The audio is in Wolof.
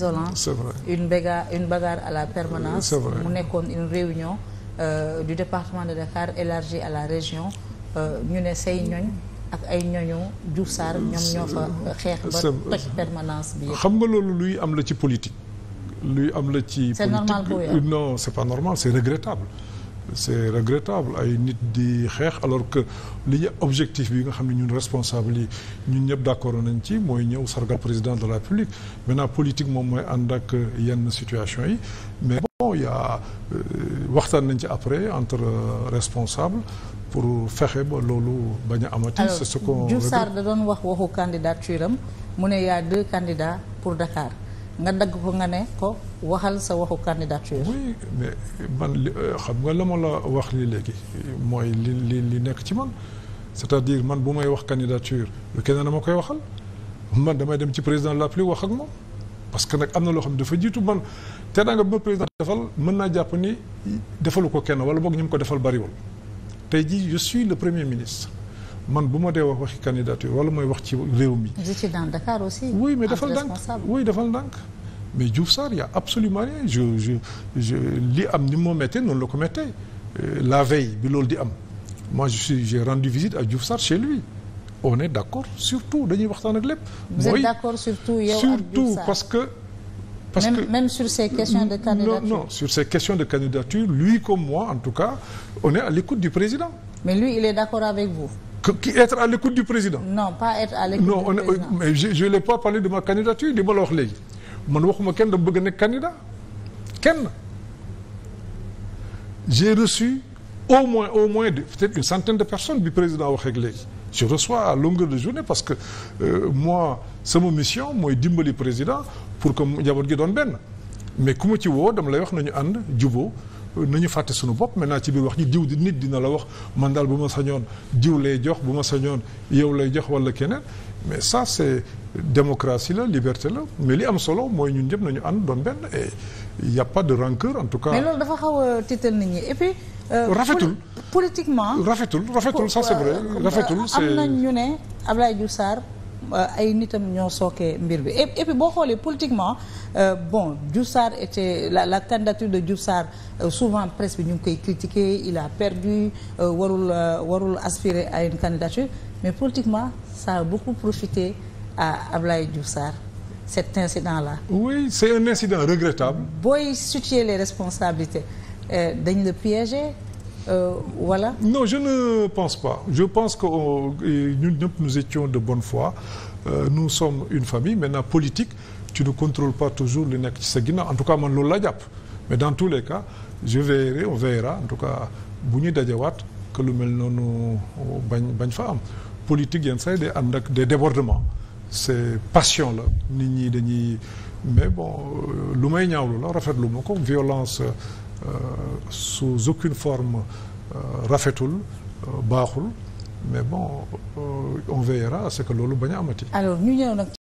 isolants. c'est vrai une bagarre une bagarre à la permanence. mu nekkoon une réunion euh, du département de Dakar élargie à la région euh, ñu ne say ñoñ ak ay ñoñu Diouf Sarr ñoom ñoo fa xeex ba toj permanence bi xam nga loolu luy am la ci politique. luy am la ci. c'est normal non c'est pas normal c'est regrettable. c'est regrettable ay nit di xeex alors que li ñu objectif bi nga xam ne ñun responsable yi ñun ñëpp d'accord nañ ci mooy ñëw sargal président de la République maintenant politique moom mooy ànd ak yenn situation yi mais bon yaa euh, waxtaan nañ ci après entre euh, responsable pour fexe ba loolu bañ a amati. c'est ce qu'on Diouf Sarr da doon wax waxu candidature am mu ne y a deux candidats pour Dakar. nga dagg ko nga ne ko waxal sa waxu candidature. oui mais man li euh, xam nga la ma la wax lii léegi mooy li li li nekk ci man c'est-à-dire man bu may wax candidature lu keneen dama koy waxal man damay dem ci président de la wax ak moom. parce que nag am na loo xam ne dafa jiitu man te da nga ba président defal mën naa jàpp ni defalu ko kenn wala boog ñu ko defal bariwul tey jii je suis le premier ministre. man bu ma dee wax waxi candidature wala mooy wax ci réew mi. vous étiez dans Dakar aussi. mais dafal ndànk mais Diouf Sarr y' a absolument rien je je je li am ni moo méttee noonu la ko méttee euh, la veille bi loolu di am moi je suis j'ai rendu visite à Diouf Sarr chez lui on est d' accord surtout dañuy waxtaan ak lépp. vous êtes d' accord surtout yow ak Diouf Sarr que. parce que même sur ces questions de candidature. lui comme moi en tout cas on est à l'écoute du président. mais lui il est d'accord avec vous. qui être à l'écoute du président. non pas être à l'écoute du président non mais je je l'ai pas parlé de ma candidature li ma la wax léegi man waxuma kenn dama bëgg a nekk candidat kenn. j'ai reçu au moins au moins de peut-être de personnes bi président wax ak léegi je reçois à longueur de journée parce que euh, moi sama mission mooy dimbali président pour que njaboot gi doon benn mais ku ma ci woo dama lay wax nañu ànd juboo nañu fàtte suñu bopp naa ci biir wax ji diw di nit dina la wax man daal bu ma sañoon diw lay jox bu ma sañoon yow lay jox walla keneen mais ça c'est démocratie la liberté la mais li am solo mooy ñun ñëpp nañu ànd doon benn et il de rancœur en tout cas. mais loolu dafa xaw a tiital nit ñi et euh, rafetul politiquement. rafetul rafetul ça c'est vrai rafetul euh, c'est am na ñu ne Abdoulaye Diouf Sarr ay nit am ñoo sookee mbir bi et puis boo xoolee politiquement euh, bon Diouf Sarr était la la candidature de Diouf Sarr euh, souvent presse bi ñu ngi koy critiquer il a perdu euh, warul euh, warul aspirer à une candidature mais politiquement ça a beaucoup profité à Ablaye Diouf Sarr cet incident là. oui c'est un incident regrettable. booy situer les responsabilités dañ la piéger. euh, voilà. non je ne pense pas je pense que ñun euh, ñëpp nous étions de bonne foi euh, nous une famille maintenant politique tu ne contrôles pas toujours li nekk ci sa ginnaaw en tout cas man loolu laa jàpp mais dans tous les cas je veillerai en tout cas bu ñuy dajawaat que lu mel noonu euh, bañ bañ fa am politique yenn saa yi day ànd des débordements c'est passion la nit ñi dañuy mais bon euh, lu may ñaawlu la rafetlu ma ko violence. Euh, sous aucune forme euh, rafetul euh, baaxul mais bon on veillera à ce que loolu bañ a amati. alors ñu ñëw nag.